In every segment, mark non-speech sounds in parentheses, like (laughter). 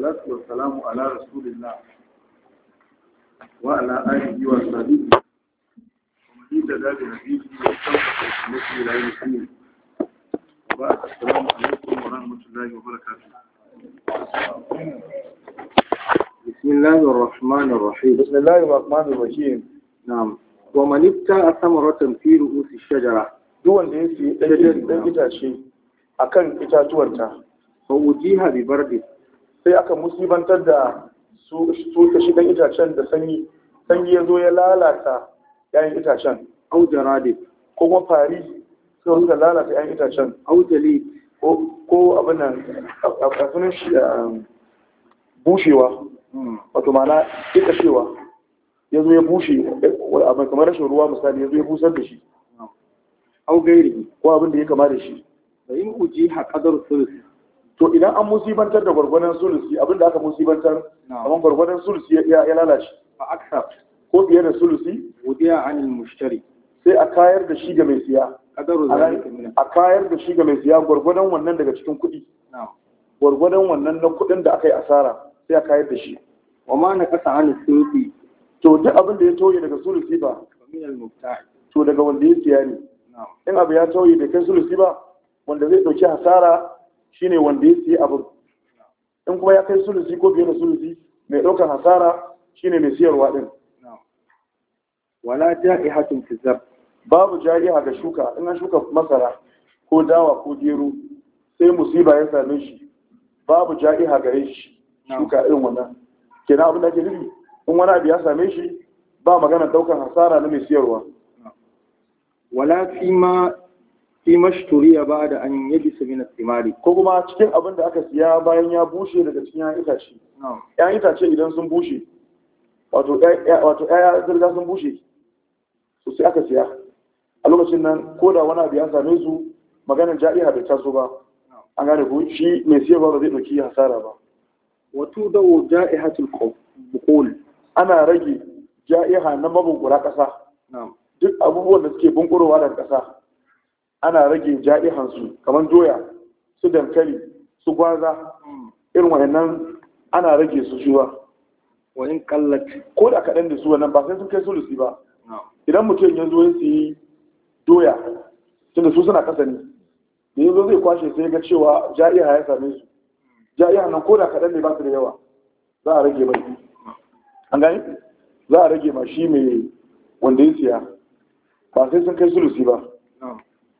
salatu wa salamu ala rasulillah wa ala alihi wa sahbihi kuma ni da dadi na biyu ne a kan kasance na shi rayu ne kuma ba a salamu alaikum wa rahmatullahi wa barakatu bismillahi rahmanir rahim bismillahi rahmanir rahim na'am wa man ittaa thamaratan fi ru'usi shajara duk wanda yake dan dan itace akan itatuwarta fa ujiha bi bardi sai aka musibantar da su ta shi dan itacen da sanyi sanyi ya zo ya lalata yayin itacen au jarade ko kuma fari sai suka lalata yayin itacen au jali ko abin nan a sunan shi bushewa hmm. wato ma'ana ikashewa ya zo ya bushe abin kamar rashin ruwa misali ya zo ya busar da shi au gairi ko abin da ya kama da shi da in uji haƙadar kadar to idan an musibantar da gwargwadon sulusi abinda aka musibantar amma gwargwadon sulusi ya lalace a accept ko biyar da sulusi wudiya anil mushtari sai a kayar da shi ga mai siya a kayar da shi ga mai siya gwargwadon wannan daga cikin kuɗi gwargwadon wannan na kuɗin da aka yi asara sai a kayar da shi wa ma na kasa anil sulusi to duk abin da ya tauye daga sulusi ba to daga wanda ya siya ne in abu ya tauye bai kai sulusi ba wanda zai ɗauki hasara shine wanda ya siya abu in kuma ya kai sulusi ko biyu na sulusi mai ɗaukar hasara shine mai siyarwa ɗin wala ja'ihatun fi zab babu ja'iha ga shuka in an shuka masara ko dawa ko gero sai musiba ya same shi babu ja'iha ga shi shuka irin wannan kenan abin da ke nufi in wani abu ya same shi ba magana ɗaukar hasara na mai siyarwa wala fi ma fi mashturiya ba da an yabi su min simari ko kuma cikin abin da aka siya bayan ya bushe daga cikin ya itace ya itace idan sun bushe wato ya zirga sun bushe su sai aka siya a lokacin nan ko da wani abu ya same su maganar ja'iha bai taso ba an gane ku shi mai siya ba zai ɗauki hasara ba wato da ja'ihatul buqul ana rage ja'iha na mabungura ƙasa duk abubuwan da suke bunkurowa daga ƙasa ana rage ja'ihansu kamar doya su dankali su gwaza irin wayannan ana rage su shuwa wani kallaci ko da kaɗan da su wannan ba sai sun kai sulusi ba idan mutum ya zo ya siyi doya tunda su suna ƙasa ne da yanzu zai kwashe sai ga cewa ja'iha ya same su ja'iha nan ko da kaɗan ne ba su da yawa za a rage mai an gani za a rage ma shi mai wanda ya siya ba sai sun kai sulusi ba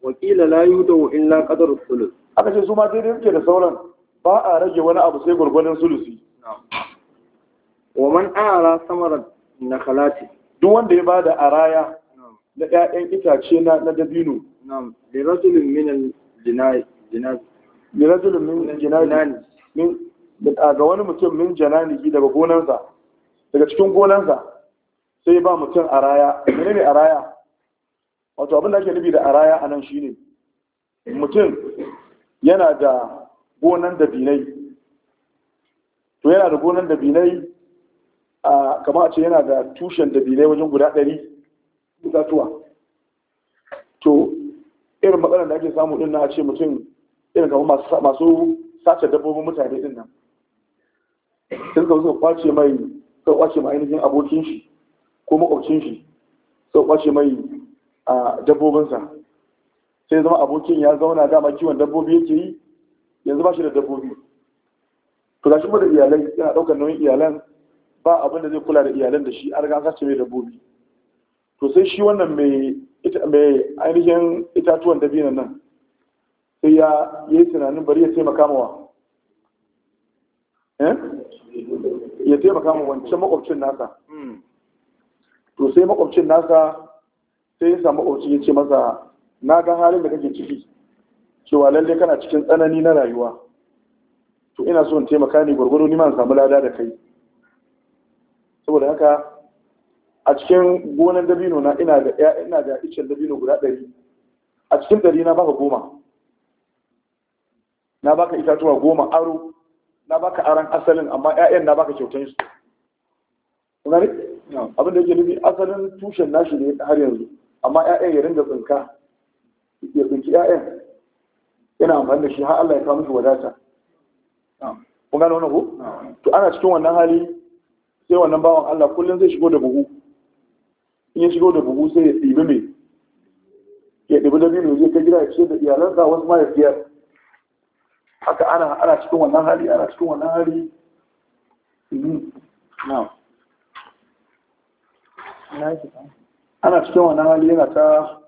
wakila la yudau illa qadar sulus aka ce su ma daidai yake da sauran ba a rage wani abu sai gurgurdan sulusi wa man ara samara nakalati. duk wanda ya bada araya na ƴaƴan itace na na dabino na'am li rajulin min al jinai jinai li rajulin min jinai min ga wani mutum min janani daga gonansa daga cikin gonansa sai ba mutum araya menene araya wato abin ake nufi da araya a nan shine mutum yana da gonan binai to yana da gonan binai a kama ce yana da tushen dabinai wajen guda ɗari zatuwa to irin matsalar da ake samu din na ce mutum irin kama masu sace dabbobin mutane din nan sun ka suka kwace mai kwace mai ainihin abokin shi ko makwabcin shi suka kwace mai a dabbobinsa sai zama abokin ya zauna dama kiwon dabbobi yake yi yanzu ba shi da dabbobi to ga shi kuma da iyalai yana daukar nauyin iyalan ba abin da zai kula da iyalan da shi an riga an sace mai dabbobi to sai shi wannan mai ainihin itatuwan dabinan nan sai ya yi tunanin bari ya taimaka mawa eh? ya taimaka ma wancan makwabcin nasa hmm. to sai makwabcin nasa sai ya samu oci ya ce masa na ga halin da kake ciki cewa lalle kana cikin tsanani na rayuwa to ina so in taimaka ne gwargwado ni ma samu lada da kai saboda haka a cikin gonan dabino na ina da ya ina da icen dabino guda ɗari a cikin ɗari na baka goma na baka itatuwa goma aro na baka aran asalin amma 'ya'yan na baka kyautan su abin da yake nufi asalin tushen nashi ne har yanzu amma 'ya'yan ya da tsinka ya tsinki 'ya'yan yana amfani da shi har Allah ya kawo mishi wadata kun gane wani ku? to ana cikin wannan hali sai wannan bawan Allah kullum zai shigo da buhu in ya shigo da buhu sai ya ɗibi mai ya ɗibi da biyu zai ta gida ya ce da iyalansa wasu ma ya biyar haka ana ana cikin wannan hali ana cikin wannan hali ta mm-hmm. ana cikin wannan hali yana ta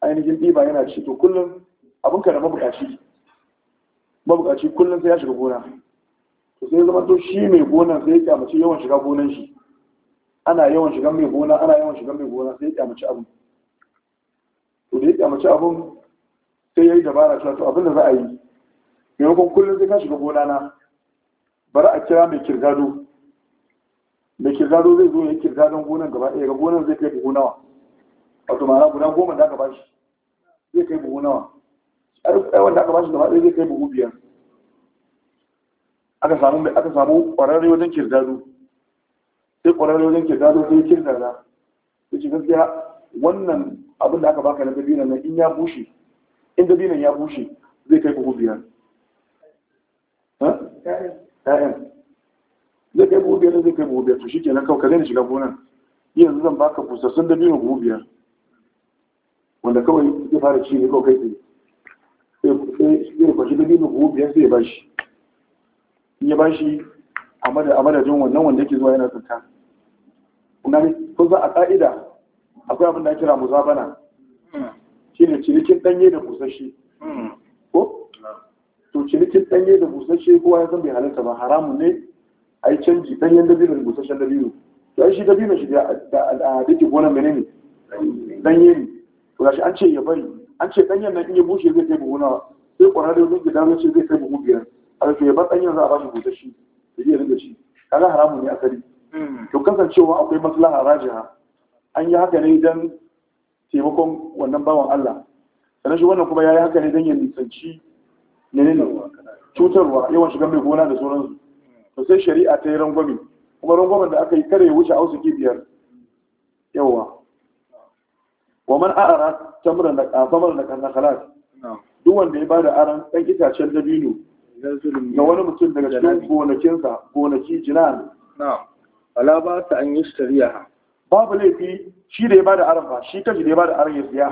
ainihin ɗiba yana ci to kullum abin ka da mabukaci mabukaci kullum sai ya shiga gona to sai zama to shi mai gonan sai ya kyamaci yawan shiga gonan shi ana yawan shiga mai gona ana yawan shiga mai gona sai ya kyamaci abin to da ya kyamaci abin sai ya yi dabara cewa to abin da za a yi maimakon kullum sai ka shiga gona na bari a kira mai kirgado kirgado zai zo ya kirga don gonan gaba ɗaya ga gonan zai kai buhu nawa wato ma'ana guda goma da aka bashi zai kai buhu nawa har kuɗa wanda aka bashi gaba ɗaya zai kai buhu biyar aka samu aka samu ƙwararre wajen kirgado sai ƙwararre wajen kirgado sai kirgada ya ce gaskiya wannan abin da aka baka na dabinan nan in ya bushe in dabinan ya bushe zai kai buhu biyar. zai kai buhu biyar zai kai buhu biyar to shi kenan kawai ka daina shiga gonan yanzu zan baka busassun da biyu buhu biyar wanda kawai zai fara ci ne kawai kai tsaye zai kwashi da biyu buhu biyar zai bashi in ya bashi a madadin wannan wanda yake zuwa yana tsinta kuma ne kun za a ƙa'ida akwai abin da ake kira muzabana ne cinikin ɗanye da busasshe hmm. ko hmm. to cinikin ɗanye da busasshe kowa ya san bai halitta ba haramun ne ai canji ɗanyen dabino busasshen dabino to ai shi dabino shi da dake gonan menene ɗanye ne to shi an ce ya bari an ce ɗanyen nan in ya bushe zai kai buhu nawa sai ƙwararre zai gida zai ce zai kai buhu biyar a ya bar ɗanyen za a ba bashi shi da zai rinka shi kaga haramun ne asali hmm. to kasancewa akwai maslaha rajiha an yi haka ne don taimakon wannan bawan Allah sannan shi wannan kuma ya yi haka ne dan ya nisanci menene cutarwa yawan shiga mai gona da sauransu to sai shari'a ta yi rangwami. kuma rangwamen da aka yi kare wuce ke biyar yawa wa man a'ara samar da kafamar da kan nakalat duk wanda ya bada aran dan itacen dabino ga wani mutum daga cikin gonakinsa gonaki jinan ala ba ta an yi shari'a babu laifi shi da ya bada aran ba shi kaji da ya bada aran ya siya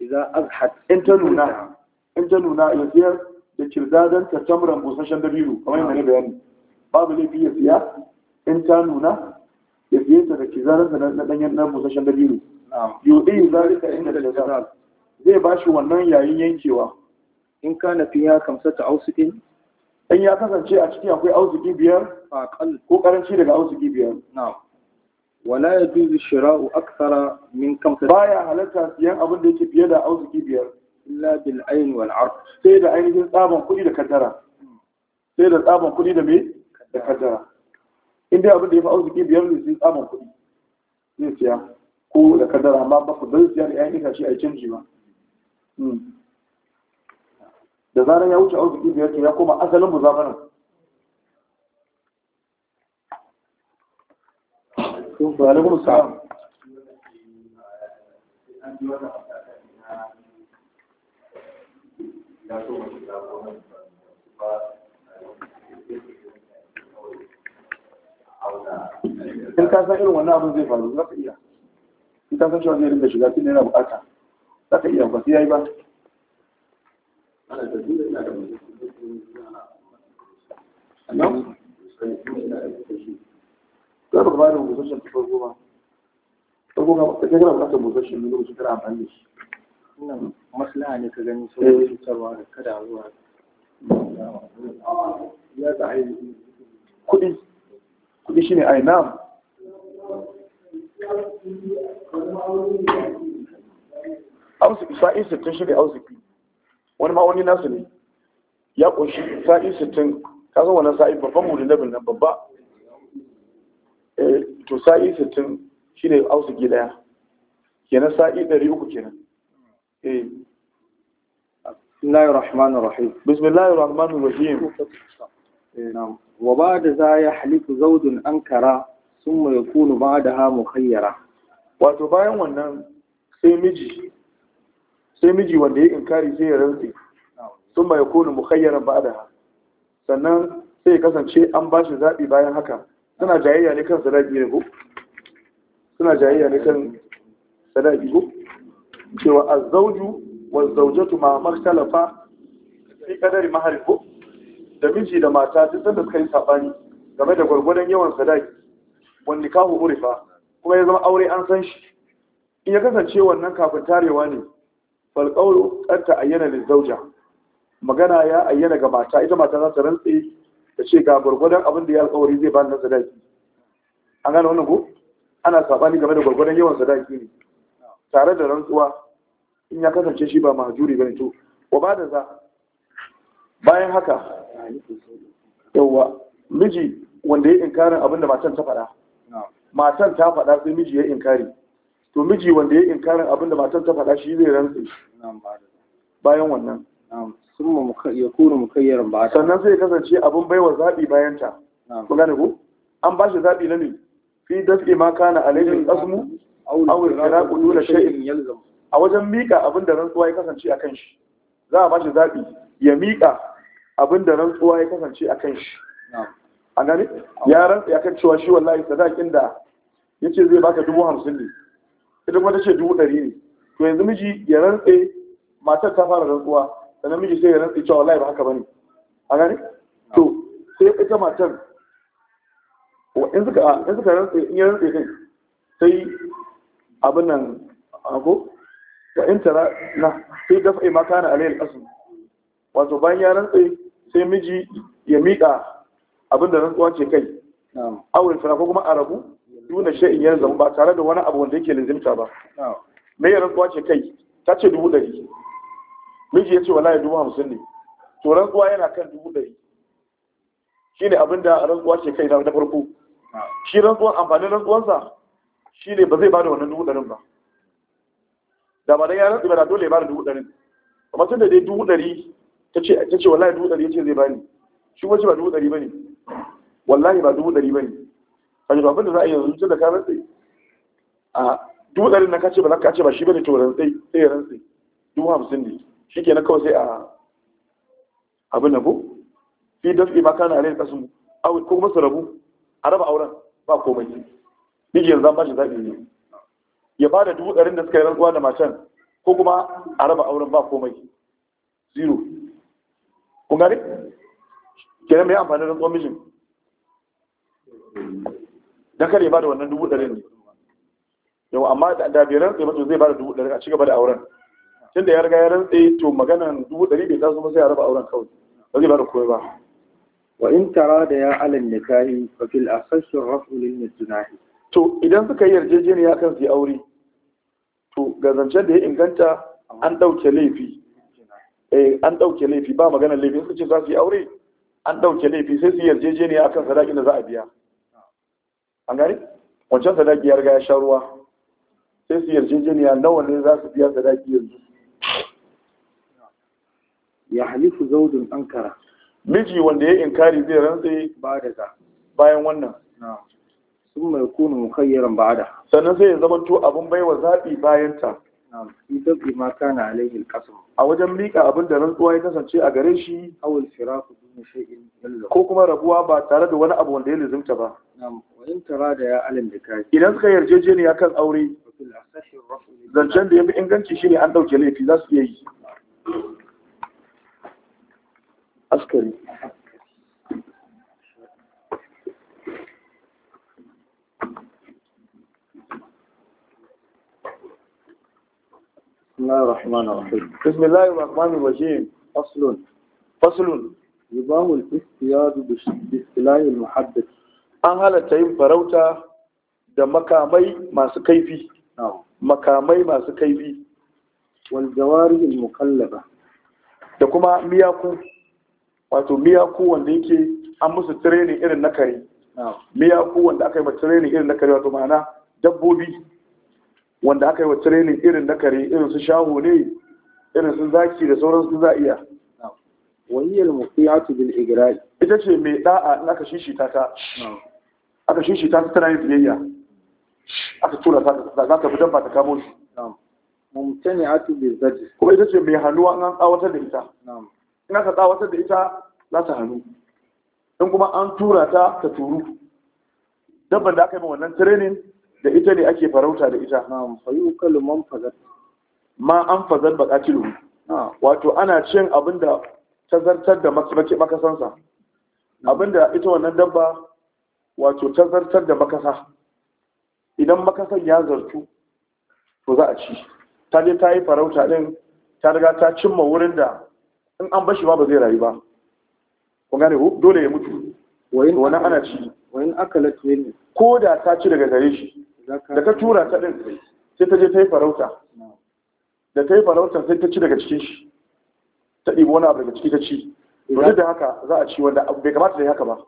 idan azhat in ta nuna in ta nuna ya siyar da kirdadan ta tamran busasshen dabino kamar yadda na bayani babu laifi ya siya in ta nuna ya siye ta da kirdadan ta na danyen na busasshen dabino yudi zalika inda da jazal zai ba shi wannan yayin yankewa in kana fi ya kamsa ta ausikin in ya kasance a cikin akwai ausiki biyar ko karanci daga ausiki biyar wala ya duzu shira'u aksara min kamsa baya halatta siyan abin da yake fiye da ausiki biyar illa bil ayn wal arf sai da ainihin tsaban kuɗi da kaddara sai da tsaban kuɗi da me da kaddara in dai abin da ya fi arziki biyar ne sai tsaban kuɗi zai siya ko da kaddara amma ba ku zai siya da ƴaƴan shi a canji ba hmm. da zarar ya wuce arziki biyar to ya koma asalin muzafarin Wa alaikum ya so mace ta gona ba in ka san irin wannan abin zai faru za ka iya in ka san cewa zai rinka shiga tun yana bukata za ka iya ba yayi ba nan za ba da musashen ta farko ba farko ka kai kana bukatar musashen ne lokacin kana amfani da shi maslaha ne ka gani saboda eh. cutarwa da kada zuwa ah, ya za a yi kuɗi kuɗi shine ai na arziki sa'in sittin shi ne arziki wani ma'auni nasu ne ya ƙunshi sa'in sittin ka zo wannan sa'i babban mu da nan babba eh, to sa'i sittin shi ne arziki ɗaya kenan sa'i ɗari uku kenan eh. بسم الله الرحمن الرحيم بسم الله وبعد ذا أنكرا ثم يكون بعدها مخيرا wato bayan wannan sai miji sai miji wanda ya inkari sai ya rantsi sun ya kone mukhayyaran ba da sannan sai kasance an ba shi zaɓi bayan haka suna jayayya ne kan sadaki ne ko suna jayayya ne kan ko cewa azzauju wa zaujatu ma makhtalafa fi kadari mahari ko da miji da mata duk da suka yi sabani game da gwargwadon yawan sadaki wan nikahu urifa kuma ya zama aure an san shi in ya kasance wannan kafin tarewa ne fal qawlu qad ta'ayyana lil zawja magana ya ayyana ga mata ita mata za ta rantsi ta ce ga gwargwadon abin da ya alƙawari zai ba na sadaki an gane wannan ko ana sabani game da gwargwadon yawan sadaki ne tare da rantsuwa in ya kasance shi ba mahajuri bane to wa ba da za bayan haka yawa miji wanda ya inkarin abinda matan ta faɗa matan ta faɗa sai miji ya inkari to miji wanda ya inkarin abinda matan ta faɗa shi zai rantsu bayan wannan sannan sai kasance abin baiwa zaɓi bayan ta ku gane ku? an ba shi zaɓi na ne fi dafi ma kana alaihi asmu aw al-firaqu duna shay'in yalzamu a wajen miƙa abin da rantsuwa ya kasance a kan shi za a bashi zaɓi ya miƙa abin da rantsuwa ya kasance a kan shi a gani ya rantsa ya kan cewa shi wallahi sadakin da ya ce zai baka dubu hamsin ne ita kuma ta ce dubu ɗari ne to yanzu miji ya rantse matar ta fara rantsuwa sannan miji sai ya rantse cewa wallahi ba haka ba ne. a gani to sai ita matar in suka rantsu in ya rantsu kai sai abin nan ko wa in tara na sai dafa ma a alayhi asl wato bayan ya rantse sai miji ya miƙa abinda rantsuwa ce kai awul fara ko kuma arabu duna sha'in ya zama ba tare da wani abu wanda yake lizimta ba me ya rantsuwa ce kai ta ce dubu ɗari miji ya ce ya dubu hamsin ne to rantsuwa yana kan dubu ɗari shi ne abin da rantsuwa ce kai na farko shi rantsuwan amfanin rantsuwansa shi ne ba zai ba da wannan dubu ɗarin ba da ba da yaran rantsi ba da dole ya bani dubu ɗari amma tun da dai dubu ɗari ta ce wallahi dubu ɗari ya ce zai bani shi wace ba dubu ɗari ba ne wallahi ba dubu ɗari ba ne a ji abin da za a yi yanzu tun da ka rantsai a dubu ɗari na kace ba za ka ce ba shi ba ne to rantsai sai ya rantsi dubu hamsin ne shi ke na kawai sai a abin na bu fi dafi ma na alai kasu ko kuma su rabu a raba auren ba komai ne. yanzu zan ba shi zaɓi ne ya ba da dubu ɗarin da suka yi rantsuwa da matan ko kuma a raba auren ba komai zero kun gane kenan mai amfani rantsuwa mijin don kare ba da wannan dubu ɗarin ne yau amma da bai rantsu ba zai ba da dubu ɗarin a cigaba da auren tun da ya riga ya rantse to maganan dubu ɗari bai taso ba sai a raba auren kawai ba zai ba da komai ba wa in tara da ya alal nikahi fa fil asahhi rafu lil to idan suka yi yarjejeniya kan su aure to ga zancen da ya inganta an ɗauke laifi eh an dauke laifi ba maganar laifi su ce za su yi aure an ɗauke laifi sai su yi yarjejeniya kan sadakin da za a biya an gani wancan sadaki ya riga ya sha ruwa sai su yarjejeniya nawa ne za su biya sadaki yanzu ya halifu zaudin ankara miji wanda ya inkari zai rantse bayan wannan sun mai kunu mukayyaran da sannan sai ya zamanto abin baiwa zaɓi bayan ta fi dabi kana alaihi alqasam a wajen miƙa abin da rantsuwa ya kasance a gare shi awul firaku dun shay'in ko kuma rabuwa ba tare da wani abu wanda ya lazimta ba na'am wa in tara da ya alim da kai idan suka yarjejeniya kan aure zancen da ya fi inganci shine an dauke laifi za su iya yi askari بسم الله الرحمن الرحيم بسم الله الرحمن الرحيم فصل فصل يباه الاستياد باستلاء المحدث an halatta yin farauta da makamai masu kaifi makamai masu kaifi wal jawarihil mukallaba da kuma miyaku wato miyaku wanda yake an musu training irin na kare miyaku wanda aka yi ma training irin na kare wato ma'ana dabbobi wanda aka yi wa training irin na kare irin su shaho ne irin su zaki da sauran su za'iya iya wahiyar ya bil igrai ita ce mai da'a in aka shishita ta aka shishita ta tana yin biyayya aka tura ta za ta fi dabba ta kamo shi mumtani atu bil zaji kuma ita ce mai hannuwa in an tsawatar da ita in aka tsawatar da ita za ta hannu in kuma an tura ta ta turu dabban da aka yi wannan training da ita ne ake farauta da ita Na amfani kalman fazar ma an fazat baqatilu wato ana cin abinda ta zartar da makasansa abinda ita wannan dabba wato ta zartar da makasa idan makasan ya zartu to za a ci ta je ta yi farauta din ta riga ta cimma wurin da in an bashi ba, ba zai rayu ba kun gane ku, dole ya mutu wani ana ci wani akalat ko da ta ci daga gare shi da ka tura ta ɗin sai ta je ta yi farauta da ta yi farauta sai ta ci daga cikin shi ta ɗi wani abu daga ciki ta ci duk da haka za a ci wanda bai kamata da yi haka ba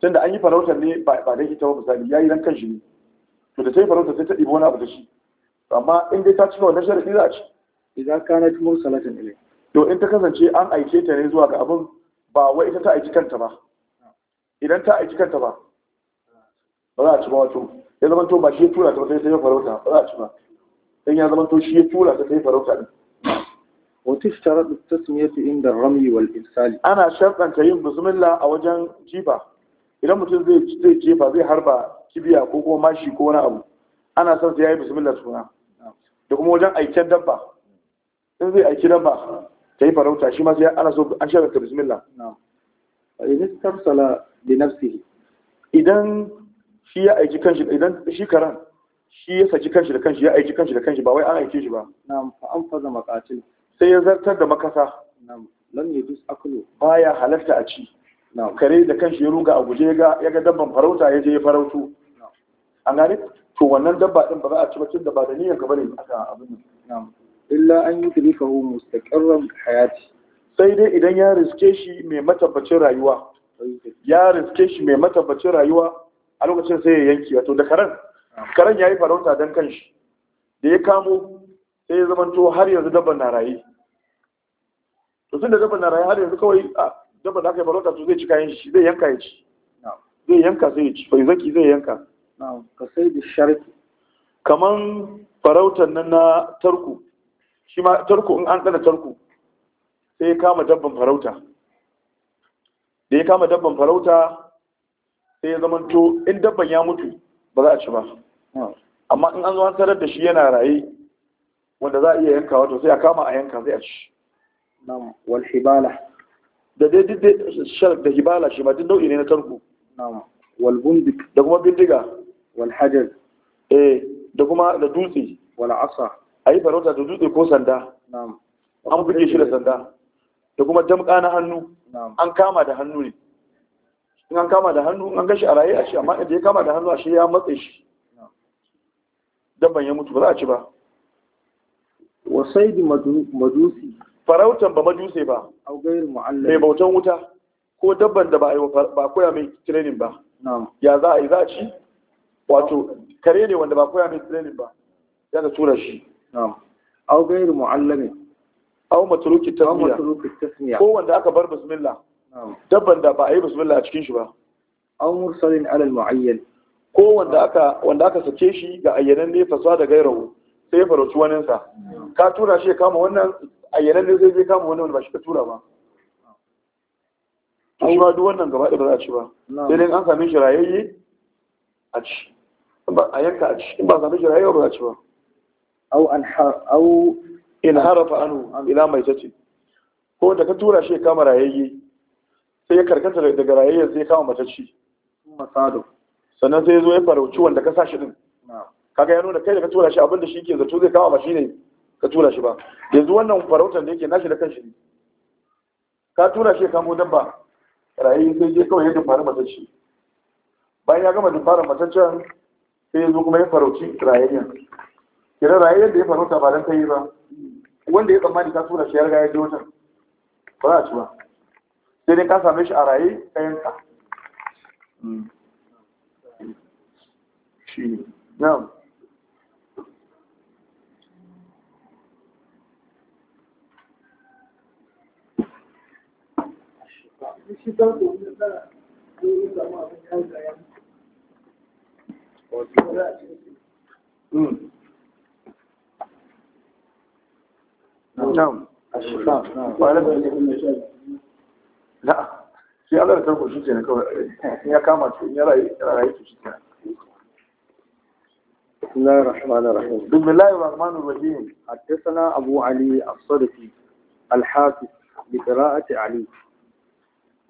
tunda an yi farauta ne ba da ita ba misali ya yi ran kanshi ne to da ta yi farauta, sai ta ɗi wani abu da shi amma in dai ta cika wannan sharaɗi za a ci idan kana ci salatin ilai to in ta kasance an aike ta ne zuwa ga abin ba wai ita ta aiki kanta ba idan ta aiki kanta ba ba za a ci ba wato ya zama to ba shi ya tura ta sai ya farauta ba za a ci ba dan ya zama to shi ya tura ta sai farauta din وتشترط التسمية عند الرمي والإرسال أنا شرطا كريم بسم الله أوجن جيبا إذا متن زي زي جيبا زي حربا كبيا كوكو ماشي كونا أبو أنا سان زي بسم الله سكونا da kuma wajen aiken dabba in zai aiki dabba ta yi farauta shi ma sai ana so an shirka bismillah idan idan shi ya aiki kanshi idan shi karan shi ya saki kanshi da kanshi ya aiki kanshi da kanshi ba wai an aike shi ba na'am fa an faza maqatil sai ya zartar da makasa na'am lam yajuz aklu baya halarta a ci na'am kare da kanshi ya ruga a guje ga ya ga dabban farauta ya je ya farautu an gane to wannan dabba din ba za a ci ba tun da ba da niyyar ka bane aka abin na'am illa an yudrikahu mustaqarran hayati sai dai idan ya riske shi mai matabbacin rayuwa ya riske shi mai matabbacin rayuwa a lokacin sai ya yanki wato da karen karen ya yi farauta don kanshi da ya kamo sai ya zamanto har yanzu dabban na raye to sun da dabban na raye har yanzu kawai a dabban da aka yi farauta to zai ci kayan shi zai yanka ya ci zai yanka sai ya ci fai zaki zai yanka ka sai da sharki kaman farautar nan na tarko shi ma tarko in an tsana tarko sai ya kama dabban farauta da ya kama dabban farauta sai ya zamanto in dabban ya mutu ba za a ci ba amma in an zo an tarar da shi yana raye wanda za a iya yanka wato sai a kama a yanka sai a ci na'am wal hibala da dai duk da shar da hibala shi ma duk nau'i ne na tarko na'am wal bundik da kuma bindiga wal hajar eh da kuma da dutse wal asa ayi farauta da dutse ko sanda na'am an buge shi da sanda da kuma damƙa na hannu an kama da hannu ne in an kama da hannu in an gashi a raye a ce amma inda ya kama da hannu a shi ya matse shi dabban ya mutu ba za a ci ba wasai di madusi farautan ba madusi ba mai bautan wuta ko dabban da ba a koya mai tirenin ba ya za a yi za a ci wato kare ne wanda ba koya mai tirenin ba ya ga tura shi au gairu mu'allami au matuluki tasmiya ko wanda aka bar bismillah dabban da ba a yi bismillah a cikin shi ba an mursalin alal mu'ayyan ko wanda aka wanda aka sake shi ga ayyanan ne faswa da gairahu sai ya farauci wanin sa ka tura shi kama wannan ayyanan ne zai zai kama wani wanda ba shi ka tura ba an ma duk wannan gaba ɗaya ba za a ci ba sai dai an sami shi rayayye a ci a yanka a ci in ba sami shi rayayye ba za a ci ba au an in harafa anu ila mai tace ko da ka tura shi kama rayayye sai ya karkata daga rayayyar sai ya kama matacci masado sannan sai ya zo ya farauci wanda ka sa shi din kaga ya nuna kai da ka tura shi abinda shi ke zato zai kama ba shi ne ka tura shi ba yanzu wannan farautar da yake nashi da kanshi ne ka tura shi ya kamo dabba rayayyar sai je kawai ya dumfari matacci bayan ya gama dumfarin mataccen sai ya zo kuma ya farauci rayayyar kira rayayyar da ya farauta ba dan kai yi ba wanda ya tsammani ka tura shi ya riga ya je wajen ba za a ci ba sai ka same shi a raye ka hmm. shi hmm. لا في Allah da tarko shi kenan يا ya kama shi ya rayu ya rayu بسم الله الرحمن الرحيم بسم الله الرحمن الرحيم حدثنا أبو علي الصدفي الحافظ بقراءة علي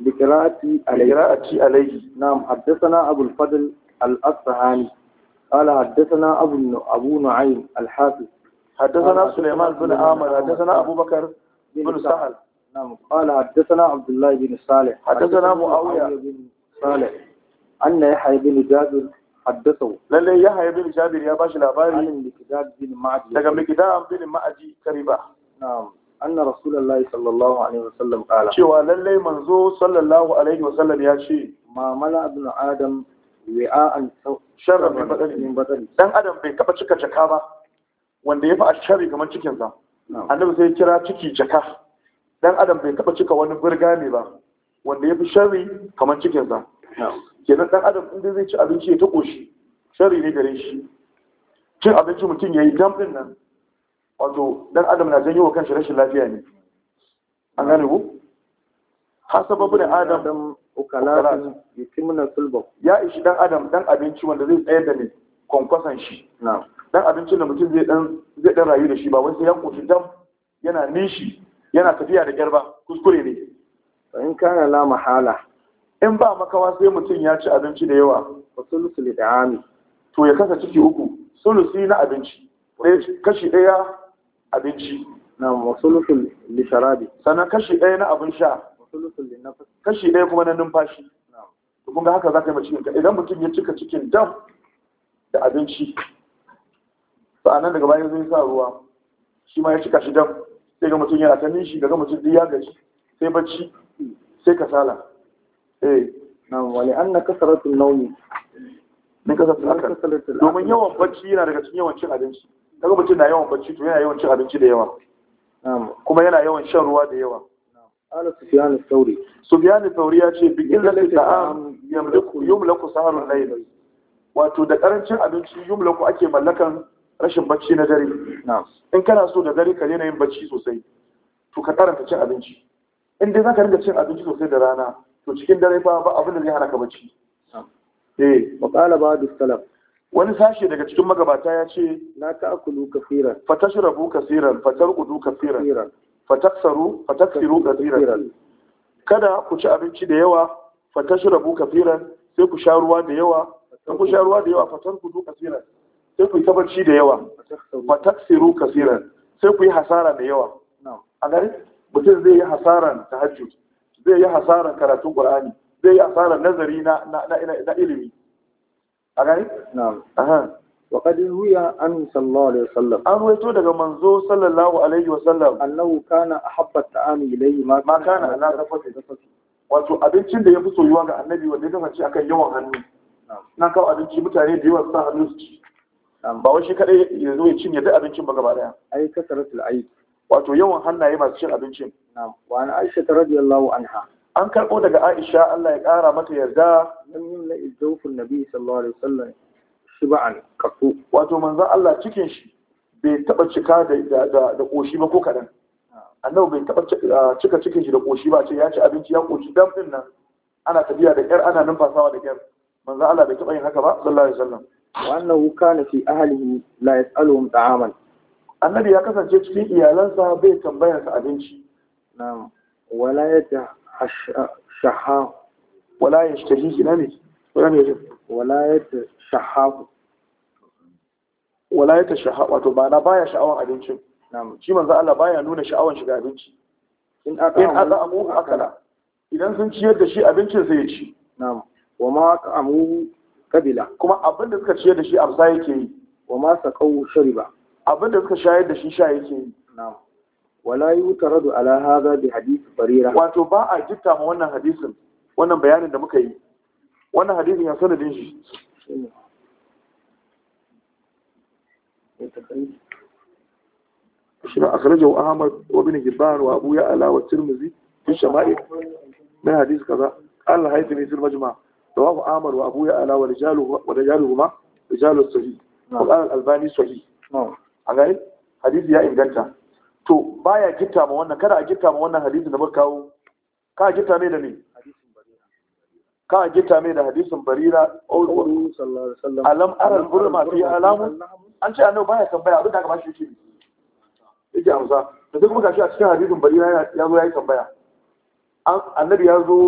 بقراءة علي بقراءة علي نعم حدثنا أبو الفضل الأصفهاني قال حدثنا أبو أبو نعيم الحافظ حدثنا سليمان بن عامر حدثنا أبو بكر بن سهل نعم قال حدثنا عبد الله بن صالح حدثنا معاوية بن صالح أن يحيى بن جابر حدثه للي يحيى بن جابر يا باشا الأباري عن مكداد بن معدي لقى مكداد بن معدي كريبة نعم أن رسول الله صلى الله عليه وسلم قال شوى للي منزو صلى الله عليه وسلم يا شيء ما ملأ ابن آدم wi'a'an sharra mai batsari dan adam bai taba cika jaka ba wanda ya fi ashari kamar cikinsa annabi sai kira ciki jaka dan adam bai taba cika wani burga ne ba wanda ya fi sharri kamar cikinsa kenan dan adam inda zai ci abinci ya ta koshi sharri ne gare shi cin abinci mutum ya yi damɗin nan wato dan adam na janyo wa kanshi rashin lafiya ne an gane ku sababu da adam ukalatin yutimna sulba ya ishi dan adam dan abinci wanda zai tsayar da ne kwankwasan shi dan abincin da mutum zai dan rayu da shi ba wai sai ya koshi dam yana nishi yana tafiya da kyar ba kuskure ne in kana la mahala in ba makawa sai mutum ya ci abinci da yawa wa sulusu li da'ami to ya kasa ciki uku sulusi na abinci kashi ɗaya abinci na wa sulusu li sharabi sannan kashi ɗaya na abin sha kashi ɗaya kuma na numfashi to kun ga haka za ka yi ma cikin idan mutum ya cika cikin dam da abinci sa'annan daga bayan zai sa ruwa shi ma ya cika shi dam sai ga mutum yana ta nishi ga mutum duk ya gaji sai bacci sai kasala eh na wale an na kasaratun nauni ne kasaratun domin yawan bacci yana daga cikin yawan cin abinci daga mutum na yawan bacci to yana yawan cin abinci da yawa kuma yana yawan shan ruwa da yawa ala sufyan al sufyan al-thawri ya ce bi illati ta'am yamliku yumlaku saharul layl wato da karancin abinci yumlaku ake mallakan rashin bacci na dare in kana so da dare ka daina yin bacci sosai to ka karanta cin abinci in dai zaka rinka cin abinci sosai da rana to cikin dare ba ba abin da zai hana ka bacci eh wa ba ba'd salaf wani sashe daga cikin magabata ya ce la ta'kulu kaseeran fa tashrabu kaseeran fa tarqudu kaseeran fa taksaru fa taksiru kaseeran kada ku ci abinci da yawa fa tashrabu kaseeran sai ku sha ruwa da yawa ku sha ruwa da yawa fa tarqudu kaseeran sai ku yi ta barci da yawa ba taksiru kasiran sai ku yi hasara da yawa a gari mutum zai yi hasaran tahajjud zai yi hasaran karatun qur'ani zai yi hasaran nazari na ilimi a gari aha wa qad ruya an sallallahu alaihi wasallam an ruwaito daga manzo sallallahu alaihi wasallam annahu kana ahabba ta'ami ilayhi ma kana ala rafati wato abincin da ya fi soyuwa ga annabi wanda ya kasance akan yawan hannu na kawo abinci mutane da yawa sa hannu su ci ba wai shi kadai ya zo ya cinye duk abincin ba gaba ɗaya. ai kasaratul ayi wato yawan hannaye masu cin abincin na'am wa an aisha radiyallahu anha an karɓo daga aisha Allah ya ƙara mata yarda lam yumla izawfun nabi sallallahu alaihi wasallam shiba'an kafu wato manzon Allah cikin shi bai taɓa cika da da da ƙoshi ba ko kaɗan? annabi bai taɓa cika cikin shi da ƙoshi ba ce ya ci abinci ya ƙoshi dam ɗin nan ana tafiya da kyar ana numfasawa da kyar manzon Allah bai taɓa yin haka ba sallallahu alaihi wasallam wuka na كان في أهله لا يسألهم طعاما annabi ya kasance cikin iyalansa bai tambayar sa abinci na wala ya ta shaha wala ya shi ne wala ne wala ya ta shaha wala ya ta shaha wato ba na baya sha'awar abincin na'am shi manzo Allah baya nuna sha'awar shiga abinci in aka in akala idan sun ciyar da shi abincin sai ya ci na'am wa ma aka kabila kuma abin da suka ciyar da shi amsa yake yi wa ma kawo shari abin da suka shayar da shi sha yake yi na'am wuta radu ala haza bi hadith barira wato ba a jitta ma wannan hadisin wannan bayanin da muka yi wannan hadisin ya sanadin shi shi ba akhrajahu ahmad wa ibn hibban wa abu ala wa tirmidhi fi shama'i min hadith kaza قال الهيثمي في المجمع رواه عامر وأبو يعلى ورجاله ورجالهما رجال الصحيح وقال الألباني صحيح نعم أغاني حديث يا إنجنتا to baya gitta ma wannan kada a gitta ma wannan hadisin da muka kawo ka gitta mai da ne ka gitta mai da hadisin barira alam aral burma fi alamu an ce annabi baya tambaya abin da aka bashi yake yake amsa da duk muka shi a cikin hadisin barira ya zo ya yi tambaya annabi ya zo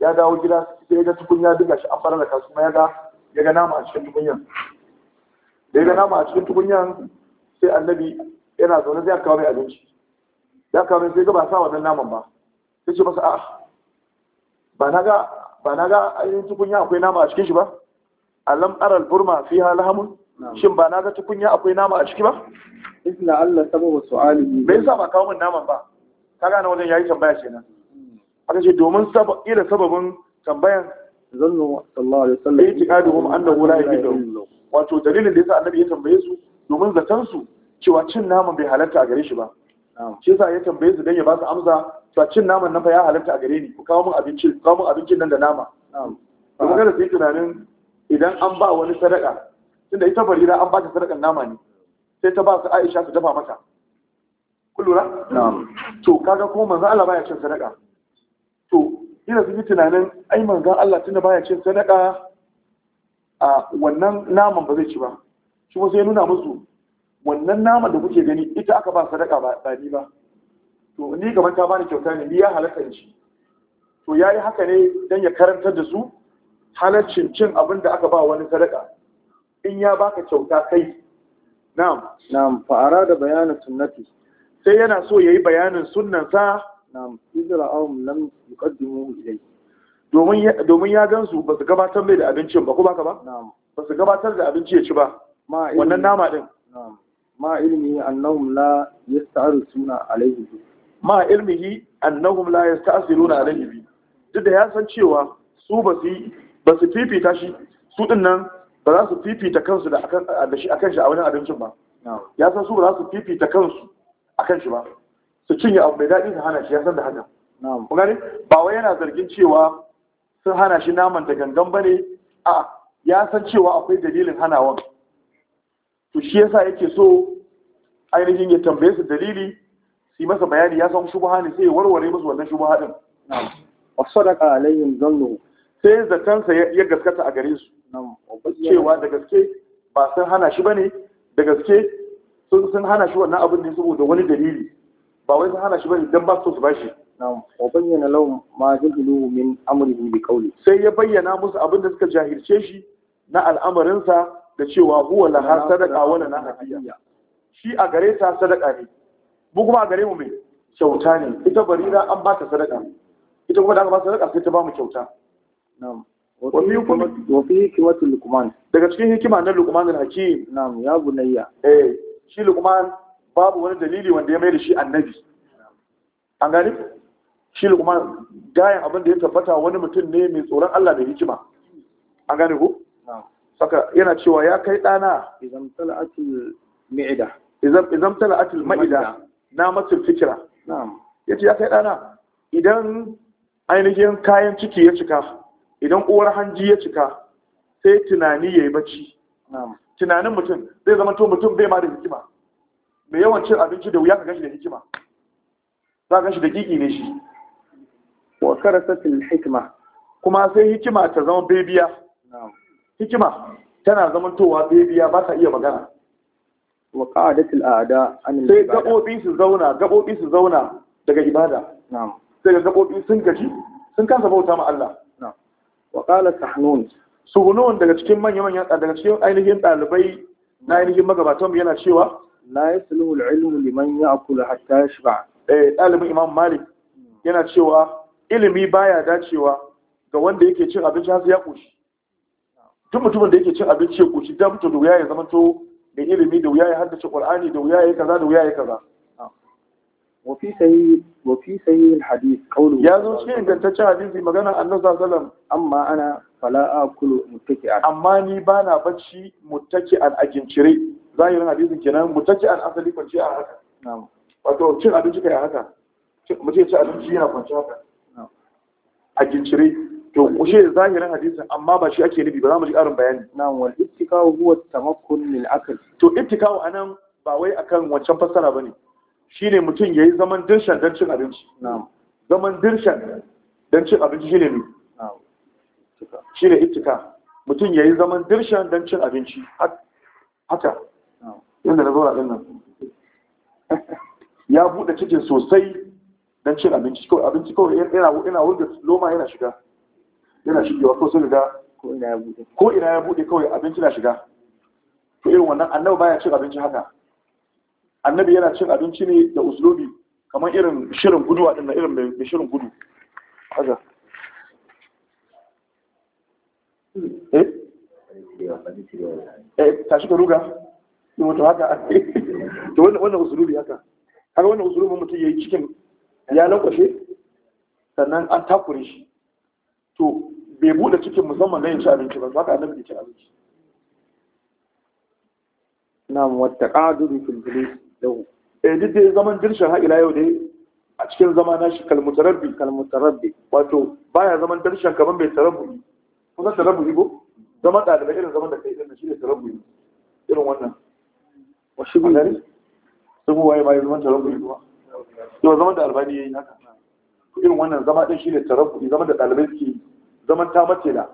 ya dawo gida sai ya ga tukunya duka shi an fara da kasu ya ga ya ga nama a cikin tukunyan da ya ga nama a cikin tukunyan sai annabi yana zaune zai kawo mai abinci ya kawo mai sai ga ba sa wannan naman ba sai ce masa a ah, ba na ga ba na ga ainihin tukunya akwai nama a cikin shi ba alam aral burma fi halahamun shin ba na ga tukunya akwai nama a ciki ba isla Allah sababa su'alihi me yasa ba kawo min naman ba ka gane wajen yayi tambaya kenan aka ce domin saba ila sababin tambayan zannu sallallahu alaihi wasallam itiqaduhum annahu la ilaha illallah wato dalilin da yasa annabi ya tambaye su domin zaton su cewa cin naman bai halatta a gare shi ba shi yasa ya tambaye su dan ya ba su amsa cewa cin naman nan fa ya halatta a gare ni ku kawo min abinci kawo min abincin nan da nama kuma kada su yi tunanin idan an ba wani sadaka tunda ita barira an ba ta sadakan nama ne sai ta ba su Aisha su dafa mata kun lura to kaga kuma manzo Allah baya cin sadaka da su tunanin ai manzon Allah tunda baya cin sadaka a wannan naman ba zai ci ba shi wasu ya nuna musu wannan naman da kuke gani ita aka ba sadaka ba ni ba to ni gaban ta bani kyauta ne ni ya halatta shi. to yayi haka ne dan ya karantar da su halaccin cin abin da aka ba wani sadaka in ya baka kyauta kai na'am na'am da da bayanin sunnati sai yana so ya yi bayanin sunnansa na'am izra'ahum lam yuqaddimu ilayhi domin domin ya gansu ba su gabatar mai da abincin ba ko baka ba na'am ba su gabatar da abinci ya ci ba wannan nama din na'am ma ilmi annahum la yasta'risuna alayhi ma ilmi annahum la yasta'siluna alayhi duk da ya san cewa su ba su ba su fifita shi su din nan ba za su fifita kansu da akan da shi akan shi a wani abincin ba ya san su ba za su fifita kansu akan shi ba su cinye abu mai daɗi su hana shi ya san da haka Ku gani? ba wai yana zargin cewa sun hana shi naman da gangan ba ne a ya san cewa akwai dalilin hanawan to shi yasa yake so ainihin ya tambaye su dalili su yi masa bayani ya san shubha ne sai ya warware musu wannan shubha din wa sadaqa alaihim zannu sai sa ya gaskata a gare su cewa da gaske ba sun hana shi bane da gaske sun hana shi wannan abin ne saboda wani dalili ba wai sun hana shi bane dan ba su bashi na'am wa bayyana lahum ma jahilu min amrihi bi qawli sai ya bayyana musu abin da suka jahilce shi na al'amarinsa da cewa huwa laha sadaqa wa na hadiya shi a gare ta sadaka ne mu kuma a gare mu me kyauta ne ita barira an ba ta sadaka ita kuma da aka ba sadaka sai ta ba mu kyauta na'am wa fi hikmatul luqman daga cikin hikima na luqman al-hakim na'am ya bunayya eh shi lukman. babu wani dalili wanda ya mai da shi annabi an gani shi kuma gayan abinda ya tabbata wani mutum ne mai tsoron Allah da hikima an gani ko saka yana cewa ya kai dana idan tala'atul ma'ida ma'ida na matul fikira ya ce ya kai dana idan ainihin kayan ciki ya cika idan uwar hanji ya cika sai tunani yi bacci tunanin mutum zai zama to mutum bai ma da hikima mai yawan cin abinci da wuya ka gashi da hikima za ka gashi da gigi ne shi wa satin hikima kuma sai hikima ta zama bebiya hikima tana zamantowa bebiya ba ta iya magana wa qa'adatil a'da an sai gabobi su zauna gabobi su zauna daga ibada sai ga gabobi sun gaji sun kasa bauta ma Allah wa qala sahnun suhunun daga cikin manyan manyan daga cikin ainihin dalibai na ainihin magabatan yana cewa la yasluhu al-ilmu liman ya'kul hatta yashba eh dalibin imam malik yana cewa ilimi baya dacewa ga wanda yake cin abinci har ya koshi duk mutumin da yake cin abinci ya koshi da mutum da wuya ya zama to da ilimi da wuya ya haddace qur'ani da wuya ya kaza da wuya ya kaza وفي صحيح وفي صحيح الحديث قوله يا زوج في ingantaccen hadisi magana Annabi sallallahu alaihi wasallam amma ana fala akulu muttaki'an amma ni bana bacci muttaki'an a gincire zahirin hadisin kenan muttaki'an asali kwanci a haka na'am wato cin abinci kai a haka mutum ci abinci yana kwanci haka a gincire to kushe zahirin hadisin amma ba shi ake nufi ba za mu ji ƙarin bayani na'am wal ittikahu huwa tamakkun lil akal to ittikahu anan ba wai akan wancan fassara bane Shi ne mutum ya yi zaman dirshan don cin abinci zaman dirshan don cin abinci shi ne ne ittika mutum ya yi zaman dirshan don cin abinci haka yadda na zaura ɗin nan (laughs) ya buɗe cikin sosai don cin abinci kawai abinci kawai yana wurga loma yana shiga yana shigewa ko sun ga ko ina ya buɗe kawai abinci na shiga ko irin wannan annabu baya cin abinci haka annabi yana cin abinci ne da usulobi kamar irin shirin gudu a na irin mai shirin gudu haka eh eh tashi ruga yi wato haka (laughs) to wannan usulobi haka haka wannan uslubin mutum ya yi cikin ya lankwashe sannan an takure shi to bai bude cikin musamman na yin abinci ba haka annabi ya cin abinci na wata ƙadurin filfilis eh duk da zaman dirshan ha yau dai a cikin zama na shi kalmutarabbi kalmutarabbi wato baya zaman dirshin kaman bai tarabbi kusa tarabbi ko zama da daga irin zaman da kai irin shi ne tarabbi irin wannan wa shi gari su waye bai zaman tarabbi kuma yau zaman da albani yayi haka irin wannan zama din shi ne tarabbi zaman da dalibai suke zaman ta mace da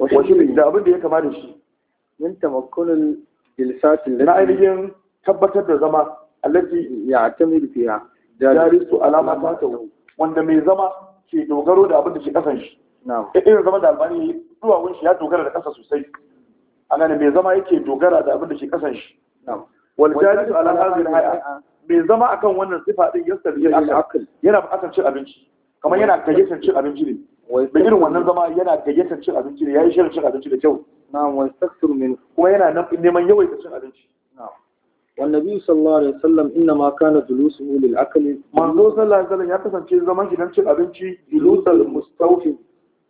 wa shi da abin da ya kama da shi min tamakkulul ilsatin na ainihin tabbatar da zama allati ya tamiru fiha su alama ta ta wanda mai zama ke dogaro da abin da ke kasan shi eh, irin zama da albani zuwa shi ya dogara da kasa sosai a nan mai zama yake dogara da abin da ke kasan shi wal jarisu ala hadhihi hay'a mai zama akan wannan sifa din yasta yana bukatar cin abinci kamar yana kayyacin cin abinci ne da irin wannan zama yana gayyatar cin abinci da ya yi shirin cin abinci da kyau na'am wa yastaksir min kuma yana neman yawaita cin abinci na'am wa nabi sallallahu alaihi wasallam inna ma kana julusuhu lil akli manzo sallallahu alaihi wasallam ya kasance zaman gidan cin abinci julusal mustawfi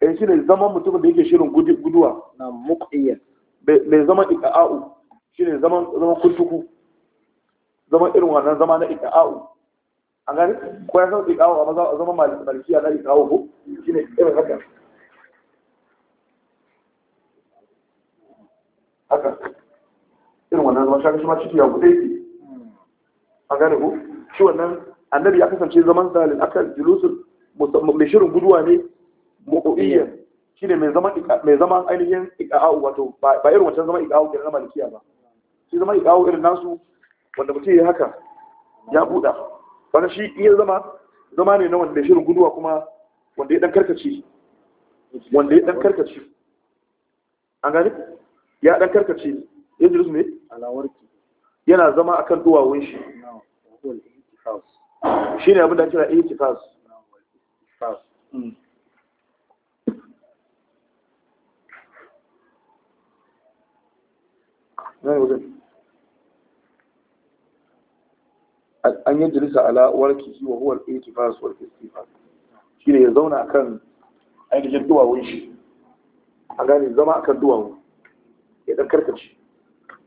eh shine zaman mutumin da yake shirin guduwa na'am muqiyan mai zaman iqa'u shine zaman zaman kuntuku zaman irin wannan zama na iqa'u an gani ko ya san ikawo a za a zama malikiya na ikawo ko shine irin haka haka irin wannan zaman shaka shi ma ciki ya buɗe ki an gane ko shi wannan annabi ya kasance zaman salin akan julusul mai shirin guduwa ne mu'u'iyya shi ne mai zaman ainihin ika'a'u wato ba irin wancan zaman ika'a'u irin na malikiya ba shi zaman ika'a'u irin nasu wanda mutum ya haka ya buɗa wani shi iya zama zama ne na wanda shirin guduwa kuma wanda ya dan karkace wanda ya dan karkace an gani ya dan karkace ya jirus ne alawarki yana zama akan duwawun shi shi ne abin da kira ihtifaz hmm. na yau zai an yi jirisa ala warki wa huwa al-itifas wal Shi ne ya zauna a kan ainihin duwawun shi a gane zama a kan duwawun ya ɗan karkaci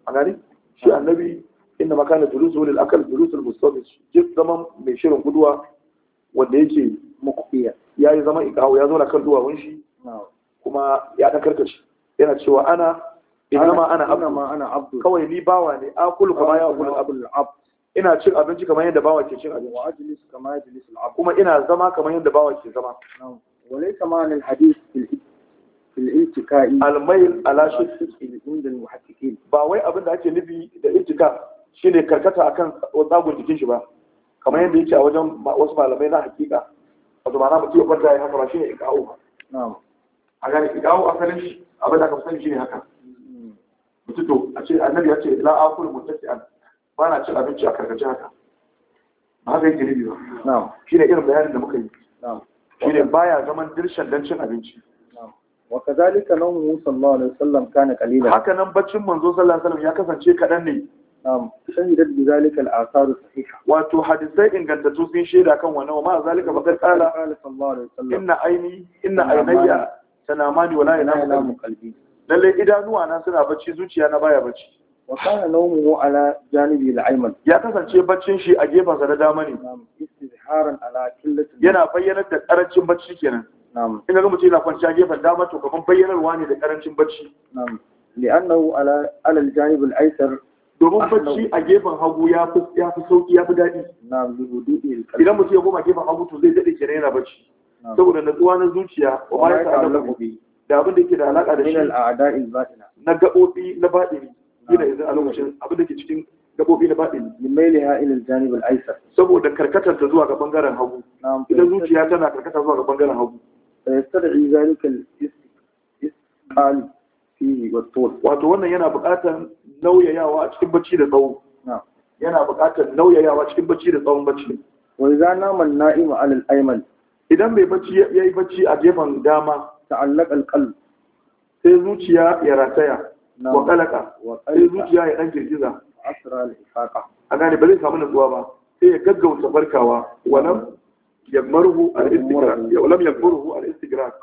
a gani shi annabi inda makana julusu wani akal julusul mustafis shi zama mai shirin guduwa wanda yake makubiya ya yi zama ikawo ya zauna kan duwawun shi kuma ya ɗan karkaci yana cewa ana inama ana abdu kawai ni bawa ne akulu kuma ya akulu abdul ina cin abinci kamar yadda bawa ke cin abinci wa ajlis kama ajlis al kuma ina zama kamar yadda bawa ke zama walai kama al hadith fil fil intikai al mayl ala shakki inda al muhaddithin ba wai abin da ake nufi da intika shine karkata akan tsagun jikin shi ba kamar yadda yake a wajen wasu malamai na hakika wato ma'ana mutum ya kwanta ya hakura shine ikawo na'am a gane ikawo asalin shi abin da aka sani shine haka mm. mutum to a ce annabi ya ce la aqul muttasi'an ba na cin abinci a karkace haka ba zai yake nufi shi ne irin bayanin da muka yi shi ne baya zaman dirshan don cin abinci wa kazalika nawmu sallallahu alaihi wasallam kana qalilan haka nan baccin manzo sallallahu alaihi wasallam ya kasance kadan ne na'am shahidat bi zalika al shaida kan wannan wa ma zalika ba kai qala sallallahu alaihi wasallam inna aini inna ainayya tanamani wala na suna bacci zuciya na baya barci. wa kana nawmuhu ala janibi al-ayman ya kasance baccin shi a gefen sa na dama ne istizharan ala qillati yana bayyanar da karancin bacci kenan na'am in ga mutum yana kwanciya gefen dama to kaman bayyanarwa ne da karancin bacci na'am li'annahu ala ala al-janib domin bacci a gefen hagu ya fi ya fi sauki ya fi dadi na'am idan mutum ya koma gefen hagu to zai dade kenan yana bacci saboda natsuwa na zuciya wa ya ta'allaqu da abin da yake da alaka da shi na gaɓoɓi na baɗiri gina yanzu a lokacin abin da ke cikin gabobi na baɗin limaili ha ilil janib al aisar saboda karkatar ta zuwa ga bangaren hagu idan zuciya tana karkata zuwa ga bangaren hagu yastad'i zalika al isqal fihi wa tul wato wannan yana buƙatar nauyayawa a cikin bacci da tsawo yana buƙatar nauyayawa cikin bacci da tsawon bacci wa idza nama an na'im al ayman idan bai bacci yayi bacci a gefen dama ta'allaq al qalb sai zuciya ya rataya wa kalaka sai zuciya ya dan girgiza a gane ba zai samu nutsuwa ba sai ya gaggauta farkawa walam yagmaruhu al-istigrak walam yagmaruhu al-istigrak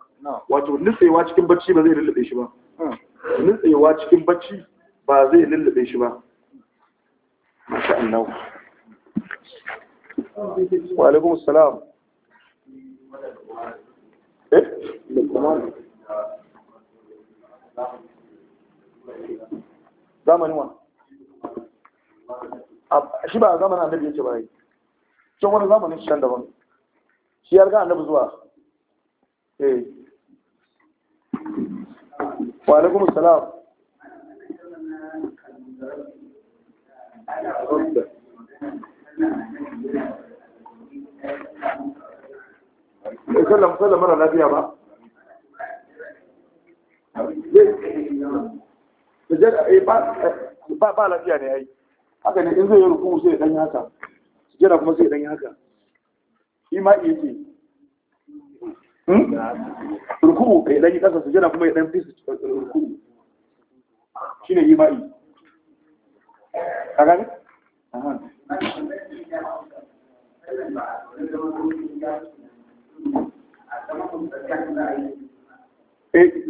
wato nutsewa cikin bacci ba zai lullube shi ba hmm. nutsewa cikin bacci ba zai lullube shi ba masha Allah wa alaikum assalam eh zamanin wa shi ba a zamanin annabi yake ba yi can wani zamanin shi can daban shi ya riga annabi zuwa eh wa alaikum salam eh, sallam sallam mara lafiya ba Eh, eh, ba ba lafiya ne ai haka ne in zai yi ruku sai dan haka sujada kuma sai dan haka imani yake hmm? ruku yi dan kasa sujada kuma ya dan fi eh, ruku shine imani kaga ka aha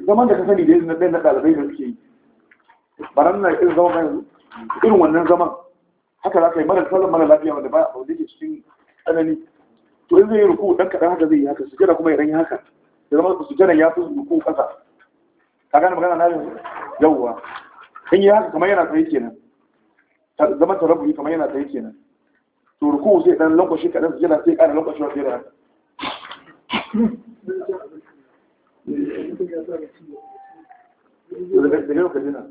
zaman da ka sani da na ɗalibai da suke yi baran na irin zaman yanzu irin wannan zaman haka za ka yi marar sallar mara lafiya wanda ba a wanda ke cikin tsanani to in zai yi ruku dan kaɗan haka zai yi haka su sujada kuma ya ranyi haka da zama sujada ya fi ruku ƙasa ka gane magana na yanzu yawwa in yi haka kamar yana tsaye kenan zaman tarabbi kamar yana tsaye kenan to ruku sai dan lankwashe kaɗan su sujada sai ƙara lankwashe wa fiye da haka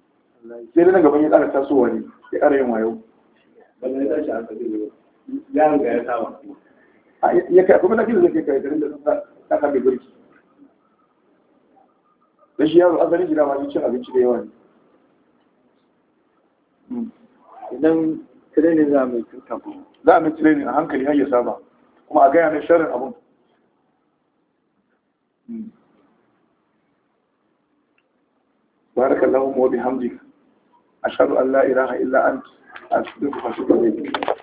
sai dai gaban ya tsara tasowa ne ya ƙara yin wayo ya riga ya saba ya kai kuma nakin zai kai kai garin da sun ta kan bai da shi yaro asalin gida dama cin abinci da yawa ne hmm. idan training za a mai cuta za a mai training a hankali har ya saba kuma a gaya mai sharin abun بارك اللهم وبحمدك ashhadu an la ha illa anta astaghfiruka wa bai